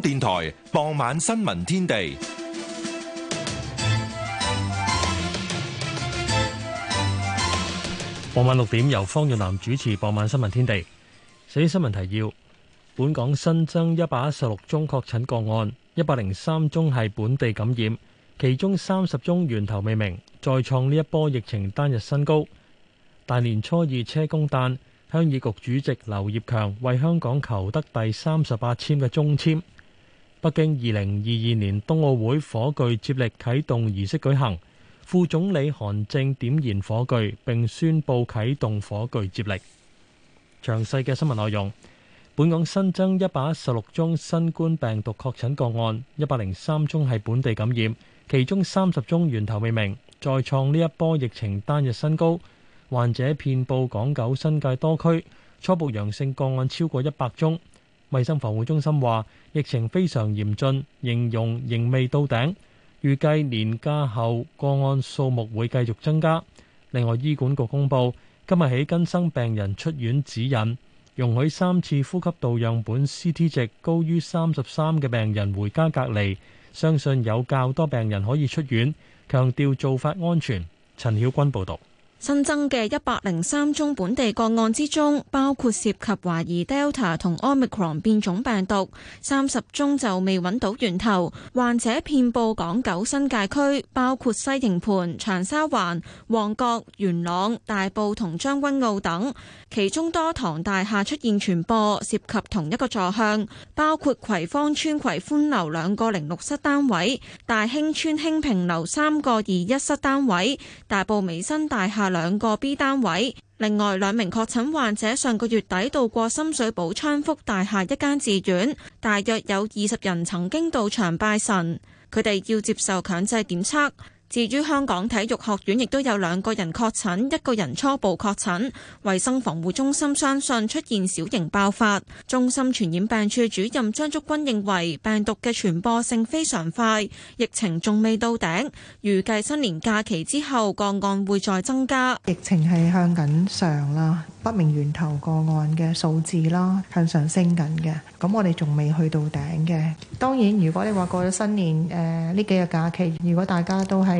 電台傍晚新聞天地。傍晚六點由方若南主持《傍晚新聞天地》。首先新聞提要：本港新增一百一十六宗確診個案，一百零三宗係本地感染，其中三十宗源頭未明，再創呢一波疫情單日新高。大年初二車公誕，鄉議局主席劉業強為香港求得第三十八籤嘅中籤。北京二零二二年冬奧會火炬接力啟動儀式舉行，副總理韓正點燃火炬，並宣布啟動火炬接力。詳細嘅新聞內容。本港新增一百一十六宗新冠病毒確診個案，一百零三宗係本地感染，其中三十宗源頭未明，再創呢一波疫情單日新高。患者遍布港九新界多區，初步陽性個案超過一百宗。衛生防護中心話疫情非常嚴峻，形容仍未到頂，預計年假後個案數目會繼續增加。另外，醫管局公佈今日起更新病人出院指引，容許三次呼吸道樣本 CT 值高於三十三嘅病人回家隔離。相信有較多病人可以出院，強調做法安全。陳曉君報道。新增嘅一百零三宗本地個案之中，包括涉及懷疑 Delta 同 Omicron 變種病毒，三十宗就未揾到源頭。患者遍佈港九新界區，包括西營盤、長沙灣、旺角、元朗、大埔同將軍澳等。其中多幢大廈出現傳播，涉及同一個座向，包括葵芳邨葵歡樓兩個零六室單位、大興邨興平樓三個二一室單位、大埔美新大廈。兩個 B 單位，另外兩名確診患者上個月底到過深水埗昌福大廈一間寺院，大約有二十人曾經到場拜神，佢哋要接受強制檢測。至於香港體育學院，亦都有兩個人確診，一個人初步確診。衞生防護中心相信出現小型爆發。中心傳染病處主任張竹君認為，病毒嘅傳播性非常快，疫情仲未到頂，預計新年假期之後個案會再增加。疫情係向緊上啦，不明源頭個案嘅數字啦，向上升緊嘅。咁我哋仲未去到頂嘅。當然，如果你話過咗新年，誒、呃、呢幾日假期，如果大家都係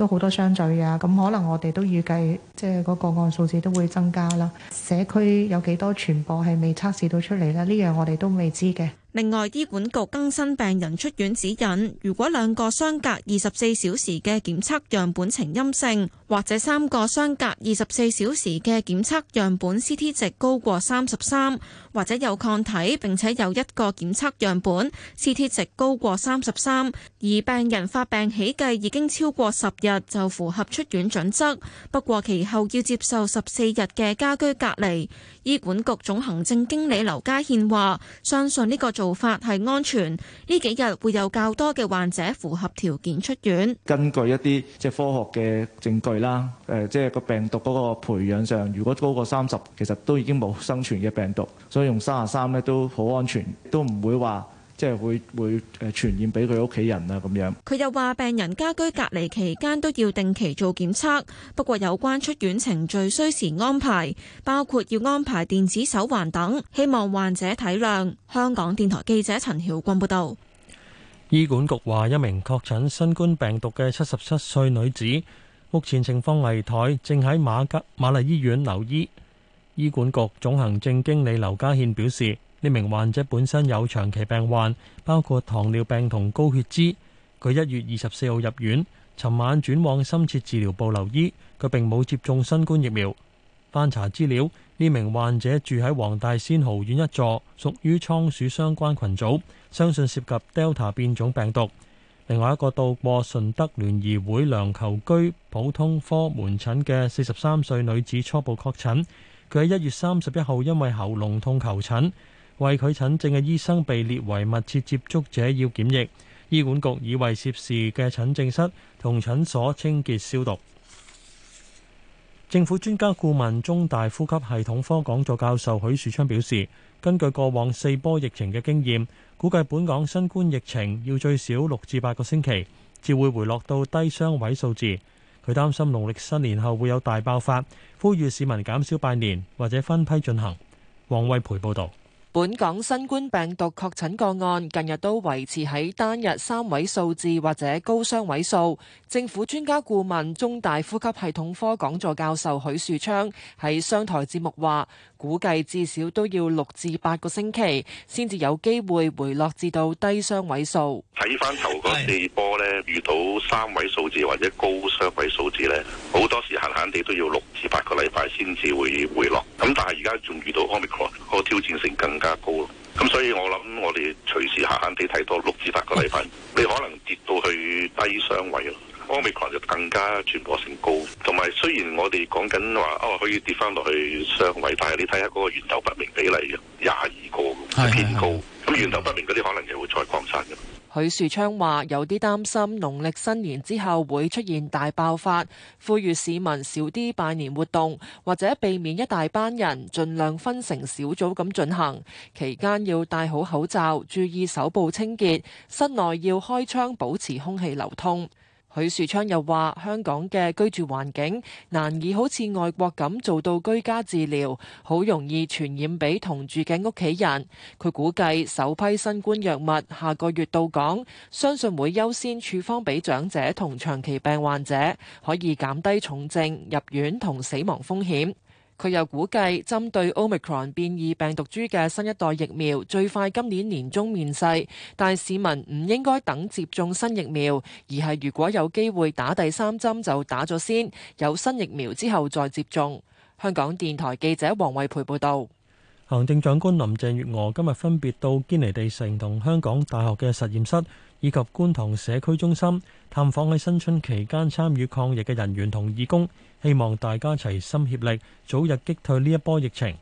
都好多相聚啊！咁可能我哋都預計即係嗰個案數字都會增加啦。社區有幾多傳播係未測試到出嚟咧？呢樣我哋都未知嘅。另外，醫管局更新病人出院指引：如果兩個相隔二十四小時嘅檢測樣本呈陰性，或者三個相隔二十四小時嘅檢測樣本 CT 值高過三十三，或者有抗體並且有一個檢測樣本 CT 值高過三十三，而病人發病起計已經超過十日。日就符合出院準則，不過其後要接受十四日嘅家居隔離。醫管局總行政經理劉家憲話：相信呢個做法係安全，呢幾日會有較多嘅患者符合條件出院。根據一啲即係科學嘅證據啦，誒，即係個病毒嗰個培養上，如果高過三十，其實都已經冇生存嘅病毒，所以用三十三咧都好安全，都唔會話。即係會會誒傳染俾佢屋企人啊，咁樣。佢又話病人家居隔離期間都要定期做檢測，不過有關出院程序需時安排，包括要安排電子手環等，希望患者體諒。香港電台記者陳曉君報道。醫管局話一名確診新冠病毒嘅七十七歲女子，目前情況危殆，正喺瑪格瑪麗醫院留醫。醫管局總行政經理劉家憲表示，呢名患者本身有長期病患，包括糖尿病同高血脂。佢一月二十四號入院，尋晚轉往深切治療部留醫。佢並冇接種新冠疫苗。翻查資料，呢名患者住喺黃大仙豪苑一座，屬於倉鼠相關群組，相信涉及 Delta 變種病毒。另外一個到過順德聯誼會梁銶琚普通科門診嘅四十三歲女子初步確診。佢喺一月三十一號因為喉嚨痛求診。為佢診症嘅醫生被列為密切接觸者，要檢疫。醫管局已為涉事嘅診症室同診所清潔消毒。政府專家顧問、中大呼吸系統科講座教授許樹昌表示，根據過往四波疫情嘅經驗，估計本港新冠疫情要最少六至八個星期至會回落到低雙位數字。佢擔心農曆新年後會有大爆發，呼籲市民減少拜年或者分批進行。黃惠培報道。本港新冠病毒確診個案近日都維持喺單日三位數字或者高雙位數。政府專家顧問、中大呼吸系統科講座教授許樹昌喺商台節目話。估計至少都要六至八個星期，先至有機會回落至到低雙位數。睇翻頭嗰四波呢， 遇到三位數字或者高雙位數字呢，好多時閒閒地都要六至八個禮拜先至會回落。咁但係而家仲遇到 Omicron，個挑戰性更加高咯。咁所以我諗我哋隨時閒閒地睇到六至八個禮拜，你可能跌到去低雙位咯。方面就更加傳播性高，同埋雖然我哋講緊話哦，可以跌翻落去雙位，但係你睇下嗰個源頭不明比例，廿二個係偏高。咁源頭不明嗰啲，可能又會再擴散嘅。許樹昌話：有啲擔心，農曆新年之後會出現大爆發，呼籲市民少啲拜年活動，或者避免一大班人，儘量分成小組咁進行。期間要戴好口罩，注意手部清潔，室內要開窗，保持空氣流通。許樹昌又話：香港嘅居住環境難以好似外國咁做到居家治療，好容易傳染俾同住嘅屋企人。佢估計首批新冠藥物下個月到港，相信會優先處方俾長者同長期病患者，可以減低重症、入院同死亡風險。佢又估計，針對 Omicron 變異病毒株嘅新一代疫苗，最快今年年中面世。但市民唔應該等接種新疫苗，而係如果有機會打第三針就打咗先，有新疫苗之後再接種。香港電台記者黃慧培報道。行政長官林鄭月娥今日分別到堅尼地城同香港大學嘅實驗室，以及觀塘社區中心探訪喺新春期間參與抗疫嘅人員同義工，希望大家齊心協力，早日擊退呢一波疫情。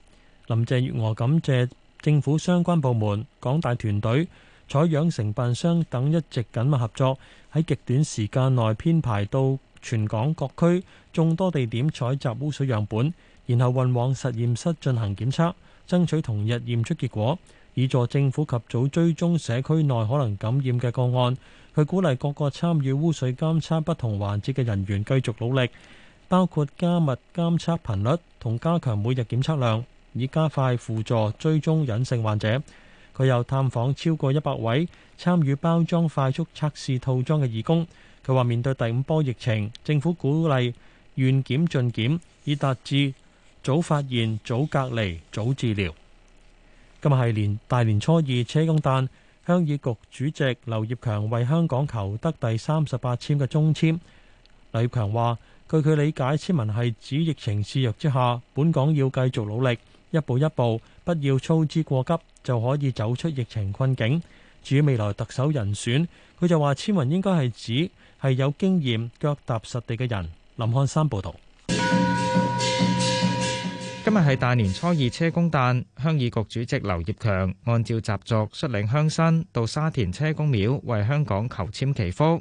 林鄭月娥感謝政府相關部門、港大團隊、採樣承辦商等一直緊密合作，喺極短時間內編排到全港各區眾多地點採集污水樣本，然後運往實驗室進行檢測，爭取同日驗出結果。以助政府及早追蹤社區內可能感染嘅個案。佢鼓勵各個參與污水監測不同環節嘅人員繼續努力，包括加密監測頻率同加強每日檢測量，以加快輔助追蹤隱性患者。佢又探訪超過一百位參與包裝快速測試套裝嘅義工。佢話：面對第五波疫情，政府鼓勵願檢盡檢，以達至早發現、早隔離、早治療。今日係年大年初二車，車公誕，鄉議局主席劉業強為香港求得第三十八簽嘅中簽。劉業強話：據佢理解，簽文係指疫情肆虐之下，本港要繼續努力，一步一步，不要操之過急，就可以走出疫情困境。至於未來特首人選，佢就話：簽文應該係指係有經驗、腳踏實地嘅人。林漢山報導。今日係大年初二，車公誕，鄉議局主席劉業強按照習俗率領鄉紳到沙田車公廟為香港求簽祈福，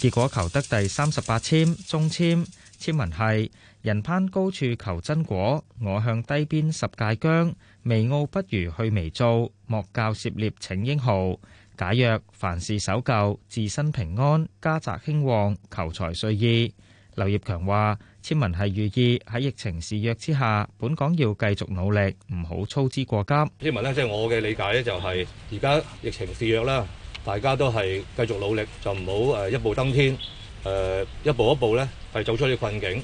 結果求得第三十八簽中簽，簽文係：人攀高處求真果，我向低邊十界疆。微傲不如去微造，莫教涉獵逞英豪。解約凡事守舊，自身平安，家宅興旺，求財遂意。劉業強話，簽文係寓意喺疫情肆虐之下，本港要繼續努力，唔好操之過急。簽文咧，即係我嘅理解咧，就係而家疫情肆虐啦，大家都係繼續努力，就唔好誒一步登天，誒一步一步咧係走出呢困境。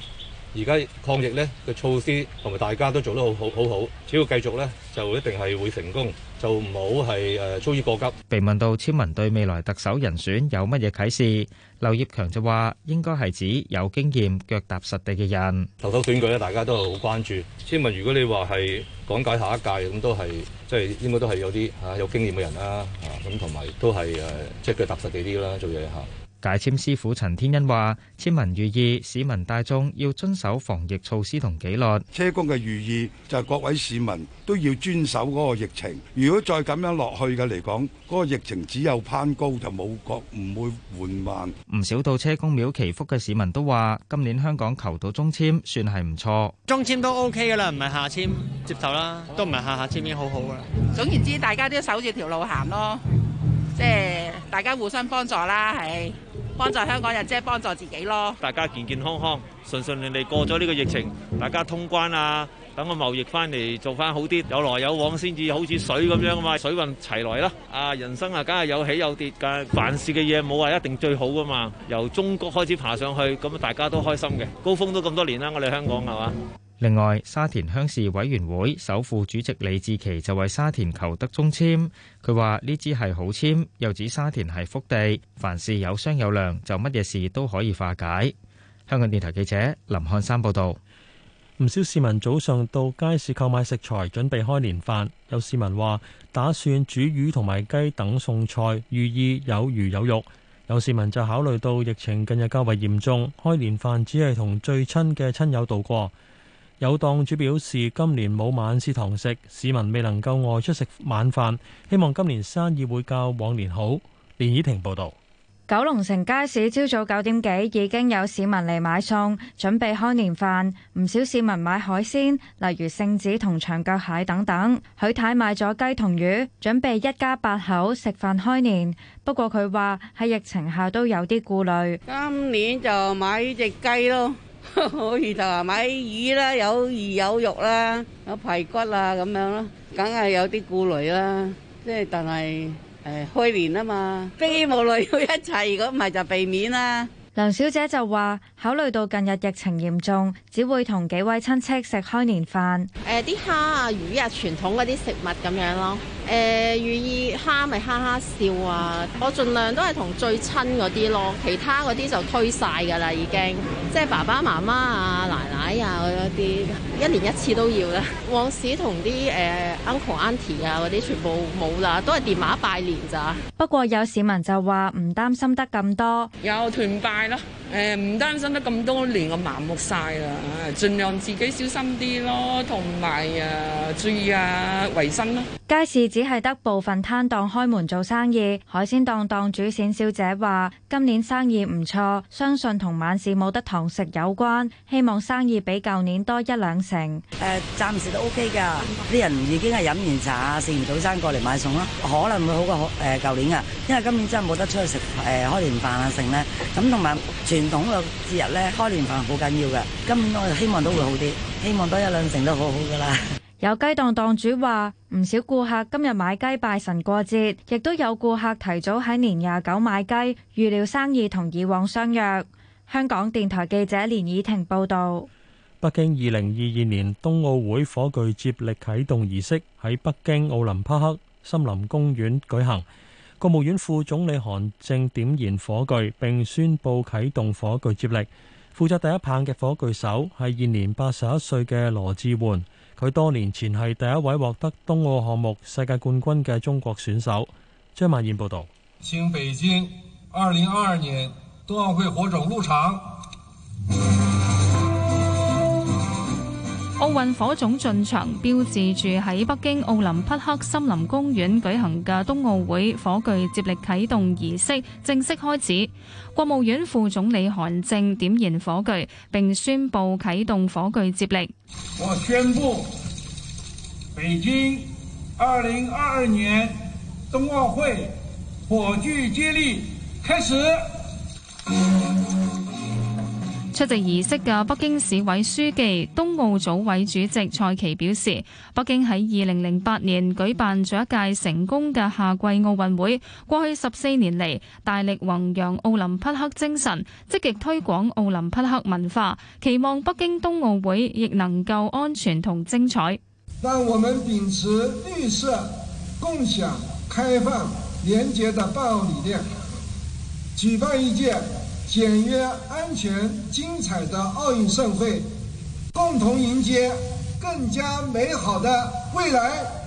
而家抗疫咧嘅措施同埋大家都做得好好好好，只要繼續咧，就一定係會成功，就唔好係誒操之過急。被問到簽文對未來特首人選有乜嘢啟示？劉業強就話：應該係指有經驗、腳踏實地嘅人。頭頭選舉咧，大家都係好關注。請問，如果你話係講解下一屆，咁都係即係應該都係有啲吓有經驗嘅人啦，吓咁同埋都係誒，即係腳踏實地啲啦，做嘢吓。大簽師傅陳天恩話：簽文寓意市民大眾要遵守防疫措施同紀律。車公嘅寓意就係各位市民都要遵守嗰個疫情。如果再咁樣落去嘅嚟講，嗰個疫情只有攀高就冇國，唔會緩慢。唔少到車公廟祈福嘅市民都話：今年香港求到中簽算係唔錯。中簽都 OK 噶啦，唔係下簽接受啦，都唔係下下簽已經好好啦。總言之，大家都守住條路行咯。即係大家互相幫助啦，係幫助香港人，即係幫助自己咯。大家健健康康、順順利利過咗呢個疫情，大家通關啊，等個貿易翻嚟做翻好啲，有來有往先至好似水咁樣啊嘛，水運齊來啦。啊，人生啊，梗係有起有跌㗎，凡事嘅嘢冇話一定最好噶嘛。由中國開始爬上去，咁大家都開心嘅，高峰都咁多年啦，我哋香港係嘛？另外，沙田鄉事委員會首副主席李志奇就為沙田求得中籤。佢話：呢支係好籤，又指沙田係福地，凡事有商有量，就乜嘢事都可以化解。香港電台記者林漢山報導。唔少市民早上到街市購買食材，準備開年飯。有市民話打算煮魚同埋雞等餸菜，寓意有魚有肉。有市民就考慮到疫情近日較為嚴重，開年飯只係同最親嘅親友度過。有檔主表示，今年冇晚市堂食，市民未能夠外出食晚飯，希望今年生意會較往年好。連以婷報道，九龍城街市朝早九點幾已經有市民嚟買餸，準備開年飯。唔少市民買海鮮，例如聖子同長腳蟹等等。許太買咗雞同魚，準備一家八口食飯開年。不過佢話喺疫情下都有啲顧慮。今年就買隻雞咯。可以就話買魚啦，有魚有肉啦，有排骨啊咁樣咯，梗係有啲顧慮啦。即係但係誒，哎、開年啊嘛，希望嚟要一切，如果唔係就避免啦。梁小姐就話，考慮到近日疫情嚴重，只會同幾位親戚食開年飯。誒、呃，啲蝦啊、魚啊，傳統嗰啲食物咁樣咯。誒、呃、寓意哈咪哈哈笑，笑啊！我儘量都係同最親嗰啲咯，其他嗰啲就推晒㗎啦，已經即係爸爸媽媽啊、奶奶啊嗰啲，一年一次都要啦。往時同啲誒、呃、uncle auntie 啊嗰啲全部冇啦，都係電話拜年咋。不過有市民就話唔擔心得咁多，有團拜咯。誒，唔擔心得咁多年，我麻木晒啦！誒，盡量自己小心啲咯，同埋誒注意啊衞生啦。街市只係得部分攤檔開門做生意，海鮮檔檔主冼小姐話：今年生意唔錯，相信同晚市冇得堂食有關，希望生意比舊年多一兩成。誒暫時都 OK 㗎，啲人已經係飲完茶、食完早餐過嚟買餸啦，可能會好過誒舊年㗎，因為今年真係冇得出去食誒開年飯啊剩咧，咁同埋傳統嘅節日呢，開年飯好緊要嘅，今年我就希望都會好啲，希望多一兩成都好好噶啦。有雞檔檔主話，唔少顧客今日買雞拜神過節，亦都有顧客提早喺年廿九買雞，預料生意同以往相若。香港電台記者連以婷報道。北京二零二二年冬奧會火炬接力啟動儀式喺北京奧林匹克森林公園舉行。國務院副總理韓正點燃火炬，並宣布啟動火炬接力。負責第一棒嘅火炬手係現年八十一歲嘅羅致煥，佢多年前係第一位獲得冬奧項目世界冠軍嘅中國選手。張曼燕報道。請北京二零二二年冬奧會火種入場。奧運火種進場，標誌住喺北京奧林匹克森林公園舉行嘅冬奧會火炬接力啟動儀式正式開始。國務院副總理韓正點燃火炬，並宣布啟動火炬接力。我宣布，北京二零二二年冬奧會火炬接力開始。 出席儀式嘅北京市委書記、冬奧組委主席蔡奇表示：北京喺二零零八年舉辦咗一屆成功嘅夏季奧運會，過去十四年嚟大力弘揚奧林匹克精神，積極推廣奧林匹克文化，期望北京冬奧會亦能夠安全同精彩。讓我們秉持綠色、共享、開放、廉潔嘅辦奧理念，舉辦一屆。簡約、安全、精彩的奧運盛會，共同迎接更加美好的未來。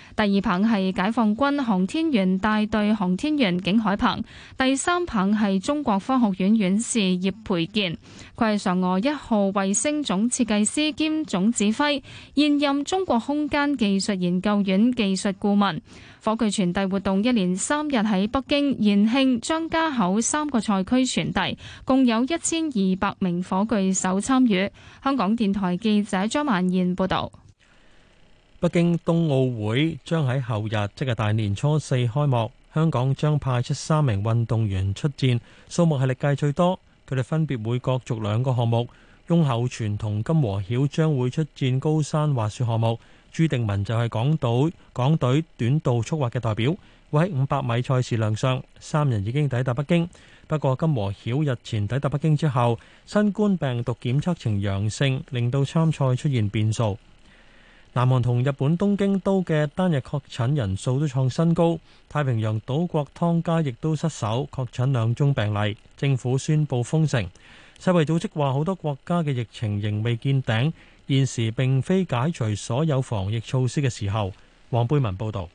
第二棒係解放軍航天員大隊航天員景海鵬，第三棒係中國科學院院士葉培建，佢係嫦娥一號衛星總設計師兼總指揮，現任中國空間技術研究院技術顧問。火炬傳遞活動一連三日喺北京、延慶、張家口三個賽區傳遞，共有一千二百名火炬手參與。香港電台記者張萬燕報道。北京冬奧會將喺後日，即係大年初四開幕。香港將派出三名運動員出戰，數目係歷屆最多。佢哋分別會角逐兩個項目。翁厚全同金和曉將會出戰高山滑雪項目，朱定文就係港隊港隊短道速滑嘅代表，會喺五百米賽事亮相。三人已經抵達北京，不過金和曉日前抵達北京之後，新冠病毒檢測呈陽性，令到參賽出現變數。南韓同日本東京都嘅單日確診人數都創新高，太平洋島國湯加亦都失守確診兩宗病例，政府宣布封城。世衛組織話好多國家嘅疫情仍未見頂，現時並非解除所有防疫措施嘅時候。黃貝文報導，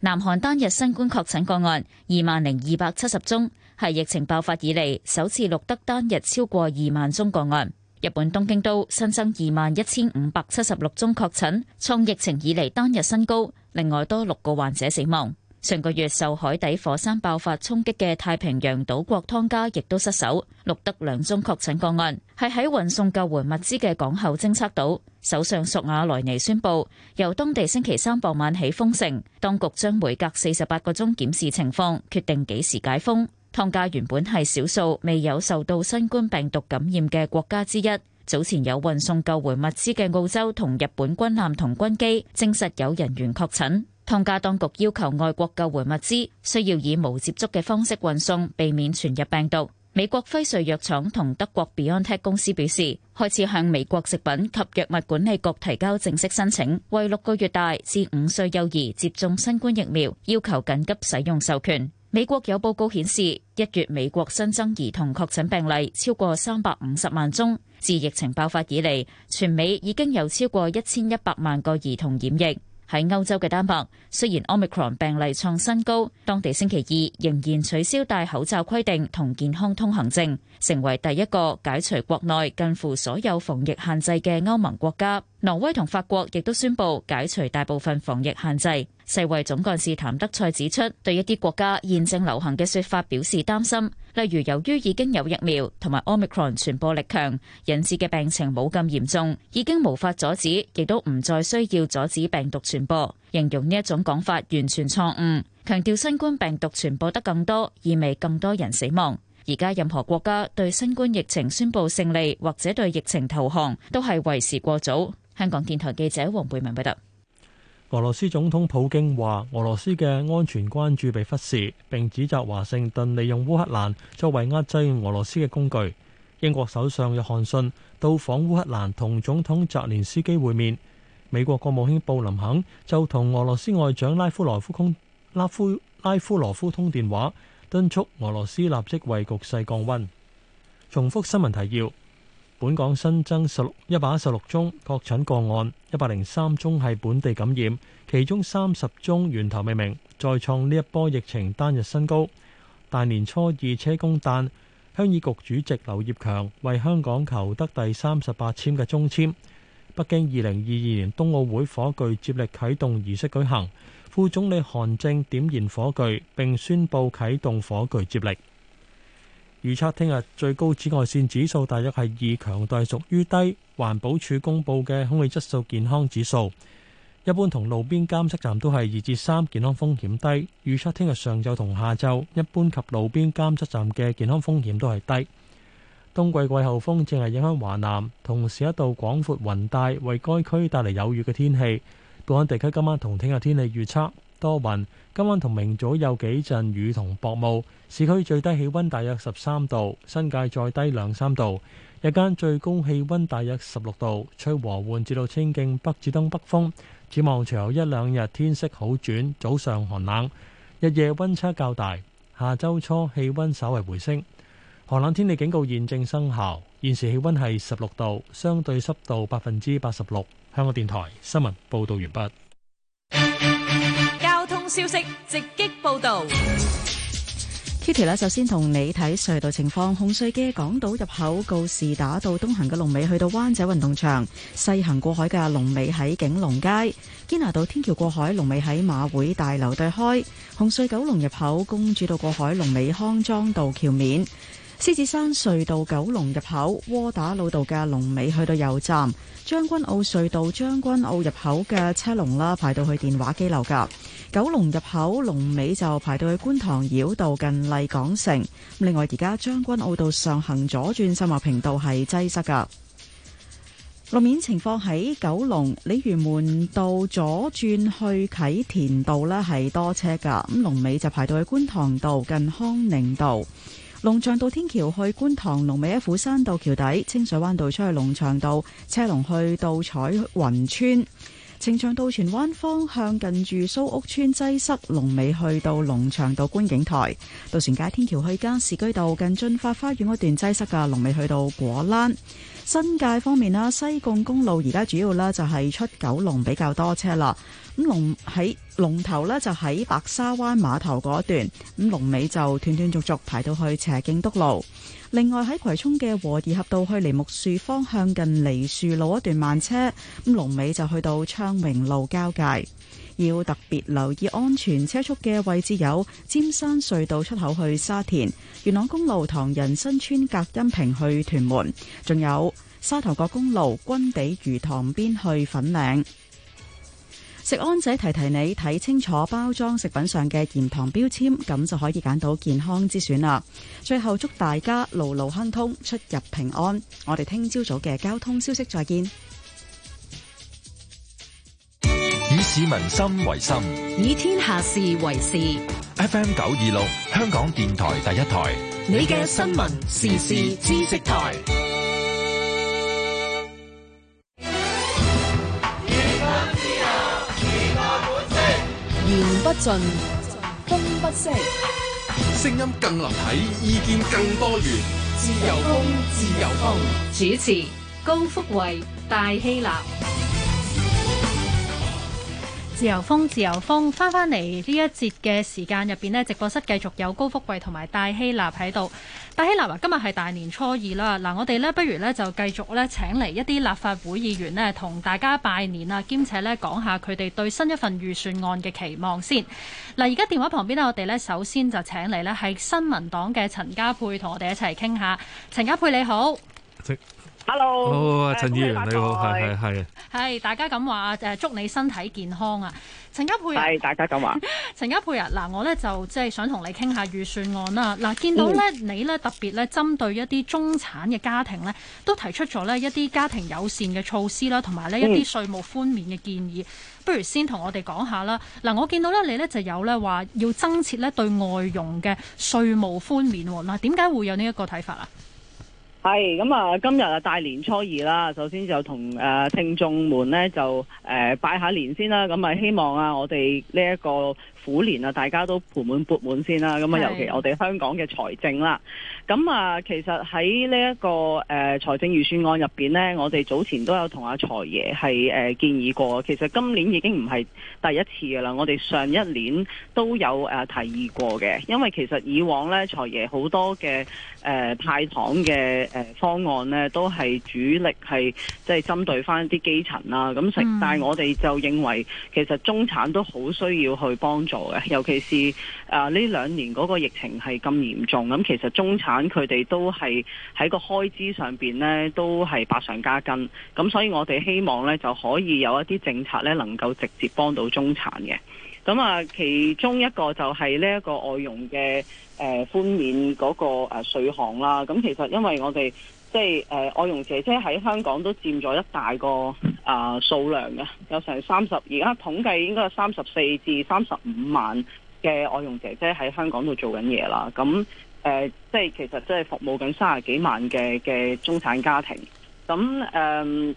南韓單日新冠確診個案二萬零二百七十宗，係疫情爆發以嚟首次錄得單日超過二萬宗個案。日本東京都新增二萬一千五百七十六宗確診，創疫情以嚟單日新高。另外多六個患者死亡。上個月受海底火山爆發衝擊嘅太平洋島國湯加亦都失守，錄得兩宗確診個案，係喺運送救援物資嘅港口偵測到。首相索瓦萊尼宣布，由當地星期三傍晚起封城，當局將每隔四十八個鐘檢視情況，決定幾時解封。湯加原本係少數未有受到新冠病毒感染嘅國家之一。早前有運送救援物資嘅澳洲同日本軍艦同軍機，證實有人員確診。湯加當局要求外國救援物資需要以無接觸嘅方式運送，避免傳入病毒。美國輝瑞藥廠同德國 BioNTech 公司表示，開始向美國食品及藥物管理局提交正式申請，為六個月大至五歲幼兒接種新冠疫苗，要求緊急使用授權。美國有報告顯示，一月美國新增兒童確診病例超過三百五十萬宗。自疫情爆發以嚟，全美已經有超過一千一百萬個兒童染疫。喺歐洲嘅丹麥，雖然 omicron 病例創新高，當地星期二仍然取消戴口罩規定同健康通行證，成為第一個解除國內近乎所有防疫限制嘅歐盟國家。挪威同法國亦都宣布解除大部分防疫限制。世衛總幹事譚德塞指出，對一啲國家現正流行嘅說法表示擔心。例如，由於已經有疫苗，同埋 Omicron 傳播力強，引致嘅病情冇咁嚴重，已經無法阻止，亦都唔再需要阻止病毒傳播。形容呢一種講法完全錯誤，強調新冠病毒傳播得更多，意味更多人死亡。而家任何國家對新冠疫情宣布勝利，或者對疫情投降，都係為時過早。香港電台記者黃貝文報道。俄羅斯總統普京話：俄羅斯嘅安全關注被忽視，並指責華盛頓利用烏克蘭作為壓制俄羅斯嘅工具。英國首相約翰遜到訪烏克蘭，同總統澤連斯基會面。美國國務卿布林肯就同俄羅斯外長拉夫羅夫通拉夫拉夫羅夫通電話，敦促俄羅斯立即為局勢降溫。重複新聞提要。本港新增一百一十六宗確診個案，一百零三宗係本地感染，其中三十宗源頭未明，再創呢一波疫情單日新高。大年初二車公誕，鄉議局主席劉業強為香港求得第三十八簽嘅中簽。北京二零二二年冬奧會火炬接力啟動儀式舉行，副總理韓正點燃火炬並宣布啟動火炬接力。預測聽日最高紫外線指數大約係二，強度屬於低。環保署公布嘅空氣質素健康指數，一般同路邊監測站都係二至三，健康風險低。預測聽日上晝同下晝，一般及路邊監測站嘅健康風險都係低。冬季季候風正係影響華南，同時一度廣闊雲帶為該區帶嚟有雨嘅天氣。本港地區今晚同聽日天氣預測多雲，今晚同明早有幾陣雨同薄霧。市區最低氣溫大約十三度，新界再低兩三度。日間最高氣溫大約十六度，吹和緩至到清勁北至東北風。展望隨後一兩日天色好轉，早上寒冷，日夜溫差較大。下周初氣溫稍為回升。寒冷天氣警告現正生效，現時氣溫係十六度，相對濕度百分之八十六。香港電台新聞報道完畢。交通消息直擊報道。呢條咧，首先同你睇隧道情況。紅隧嘅港島入口告士打道東行嘅龍尾去到灣仔運動場，西行過海嘅龍尾喺景隆街。堅拿道天橋過海龍尾喺馬會大樓對開。紅隧九龍入口公主道過海龍尾康莊道橋面。獅子山隧道九龍入口窩打老道嘅龍尾去到油站。將軍澳隧道將軍澳入口嘅車龍啦，排到去電話機樓噶。九龍入口龍尾就排到去觀塘繞道近麗港城。另外而家將軍澳道上行左轉秀茂坪道係擠塞噶。路面情況喺九龍鯉魚門道左轉去啟田道呢係多車噶。咁龍尾就排到去觀塘道近康寧道。龍翔道天橋去觀塘龍尾一虎山道橋底，清水灣道出去龍翔道車龍去到彩雲村呈祥道荃灣方向近住蘇屋村擠塞，龍尾去到龍翔道觀景台；渡船街天橋去加士居道近駿發花園嗰段擠塞噶，龍尾去到果欄。新界方面啦，西貢公路而家主要咧就係出九龍比較多車啦，咁龍喺。龍頭呢就喺白沙灣碼頭嗰段，咁龍尾就斷斷續續排到去輋徑篤路。另外喺葵涌嘅和宜合道去梨木樹方向近梨樹路一段慢車，咁龍尾就去到昌榮路交界。要特別留意安全車速嘅位置有尖山隧道出口去沙田、元朗公路唐人新村隔音屏去屯門，仲有沙頭角公路軍地魚塘邊去粉嶺。食安仔提提你，睇清楚包裝食品上嘅鹽糖標籤，咁就可以揀到健康之選啦。最後祝大家路路亨通，出入平安。我哋聽朝早嘅交通消息再見。以市民心為心，以天下事為事。FM 九二六，香港電台第一台，你嘅新聞時事知識台。盡風不息，聲音更立體，意見更多元，自由風，自由風。主持：高福慧、戴希立。自由風，自由風，翻翻嚟呢一節嘅時間入邊，呢直播室繼續有高福貴同埋戴希立喺度。戴希立話：今日係大年初二啦。嗱，我哋呢不如呢就繼續呢，請嚟一啲立法會議員呢同大家拜年啊，兼且呢講下佢哋對新一份預算案嘅期望先。嗱，而家電話旁邊呢，我哋呢首先就請嚟呢係新民黨嘅陳家佩同我哋一齊傾下。陳家佩你好。hello，好啊，oh，陳議員你好，係係係，大家咁話，誒，祝你身體健康啊，陳家佩，係大家咁話，陳家佩啊，嗱，我咧就即係想同你傾下預算案啦，嗱，見到咧你咧特別咧針對一啲中產嘅家庭咧，都提出咗呢一啲家庭友善嘅措施啦，同埋呢一啲稅務寬免嘅建議，不如先同我哋講下啦，嗱，我見到咧你咧就有咧話要增設咧對外傭嘅稅務寬免喎，嗱，點解會有呢一個睇法啊？係咁啊！今日啊大年初二啦，首先就同誒、呃、聽眾們咧就誒拜、呃、下年先啦。咁、嗯、啊，希望啊我哋呢一個。虎年啊，大家都盆滿缽滿先啦。咁啊，尤其我哋香港嘅財政啦，咁啊，其實喺呢一個誒財政預算案入邊呢，我哋早前都有同阿財爺係誒建議過。其實今年已經唔係第一次噶啦，我哋上一年都有誒提議過嘅。因為其實以往呢，財爺好多嘅誒、呃、派糖嘅誒方案呢，都係主力係即係針對翻啲基層啦。咁，但係我哋就認為其實中產都好需要去幫助。尤其是啊呢兩年嗰個疫情係咁嚴重，咁、嗯、其實中產佢哋都係喺個開支上邊呢都係百上加斤。咁、嗯、所以我哋希望呢就可以有一啲政策呢能夠直接幫到中產嘅。咁、嗯、啊，其中一個就係呢一個外傭嘅誒寬免嗰個誒稅項啦。咁、嗯、其實因為我哋即係誒、呃、外傭姐姐喺香港都佔咗一大個。啊，數量嘅有成三十，而家統計應該係三十四至三十五萬嘅外傭姐姐喺香港度做緊嘢啦。咁誒、呃，即係其實即係服務緊三十幾萬嘅嘅中產家庭。咁誒、呃，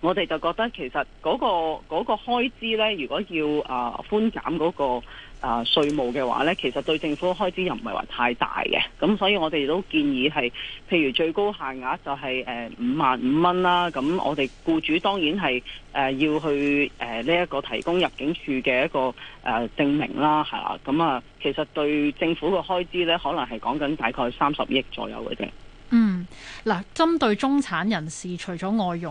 我哋就覺得其實嗰、嗰個嗰、嗰個、開支呢，如果要啊寬減嗰、嗰個。啊，稅務嘅話咧，其實對政府開支又唔係話太大嘅，咁所以我哋都建議係譬如最高限額就係、是、誒、呃、五萬五蚊啦。咁我哋僱主當然係誒、呃、要去誒呢一個提供入境處嘅一個誒、呃、證明啦，係啦。咁、嗯、啊，其實對政府嘅開支咧，可能係講緊大概三十億左右嘅啫。嗯，嗱、啊，針對中產人士，除咗外傭。